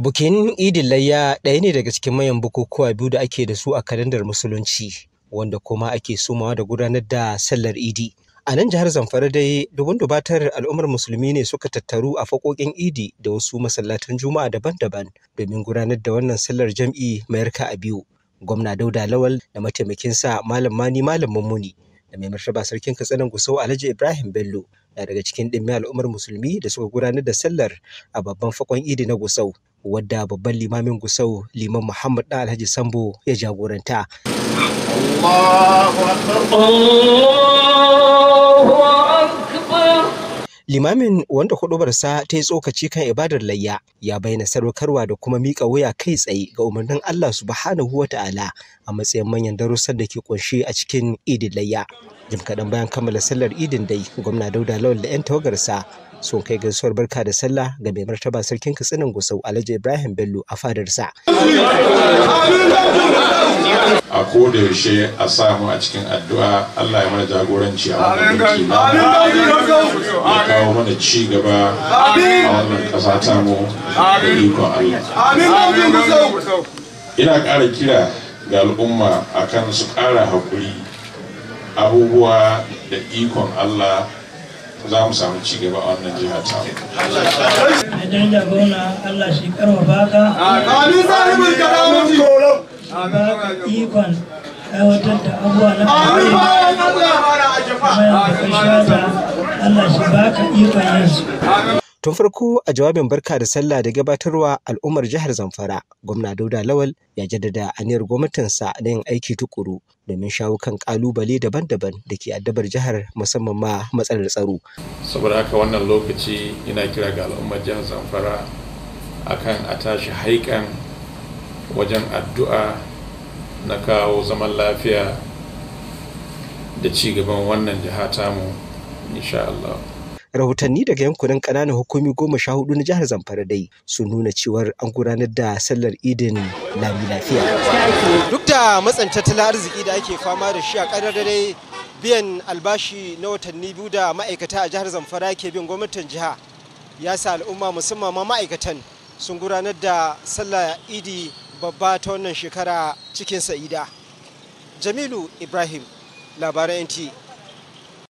Bukin Idil Layya ɗaya ne daga cikin manyan bukukuwa biyu da ake da su a kalandar Musulunci, wanda kuma ake sumawa da gudanar da sallar Idi. A nan jihar Zamfara dai dubun dubatar al'ummar musulmi ne suka tattaru a fakokin Idi da wasu masallatan Juma'a daban-daban domin gudanar da wannan sallar jam'i mai yarka a biyu. Gwamna Dauda Lawal da mataimakinsa Malam Mani Malam Mummuni da mai martaba sarkin Katsina Gusau Alhaji Ibrahim Bello na daga cikin ɗimmi al'ummar musulmi da suka gudanar da sallar a babban fakon Idi na Gusau. wadda babban limamin gusau liman muhammad dan alhaji sambo ya jagoranta limamin wanda hudubarsa ta yi tsokaci kan ibadar layya ya bayyana sadaukarwa da kuma miƙa wuya kai tsaye ga umarnin Allah subhanahu wa ta'ala a matsayin manyan darussan da ke ƙunshi a cikin idin layya jim kaɗan bayan kammala sallar idin dai gwamna dauda lawal da 'yan tawagarsa sun kai gaisuwar barka da sallah ga mai martaba sarkin katsinan gusau alhaji ibrahim bello a fadarsa a koda yaushe a samu a cikin addu'a allah ya mana jagoranci a wannan ya kawo mana ci gaba a wannan mu da ikon allah ina ƙara kira ga al'umma akan su ƙara haƙuri abubuwa da ikon allah za mu samu ci gaba a wannan jiha ta idan da gona Allah shi karfafa ka amin sahibul karamati ka ikon aiwatar da abuwa na amin bayan Allah ya fara a jafa Allah shi baka ikon yanzu amin Tun farko a jawabin barka da sallah da gabatarwa al'ummar jihar Zamfara, gwamna Dauda Lawal ya jaddada aniyar gwamnatinsa da yin aiki tukuru domin shawo kan kalubale daban-daban da ke addabar jihar musamman ma matsalar tsaro. Saboda haka wannan lokaci ina kira ga al'ummar jihar Zamfara akan a tashi haikan wajen addu'a na kawo zaman lafiya da ci gaban wannan jiha tamu insha Allah. rahotanni daga yankunan ƙananan hukumi goma sha hudu na jihar zamfara dai sun nuna cewar an gudanar da sallar idin lami lafiya duk da matsan tattalin arziki da ake fama da shi a ƙarar dai biyan albashi na watanni biyu da ma'aikata a jihar zamfara ke bin gwamnatin jiha ya sa al'umma musamman ma ma'aikatan sun gudanar da sallar idi babba ta wannan shekara cikin sa'ida jamilu ibrahim labaran nt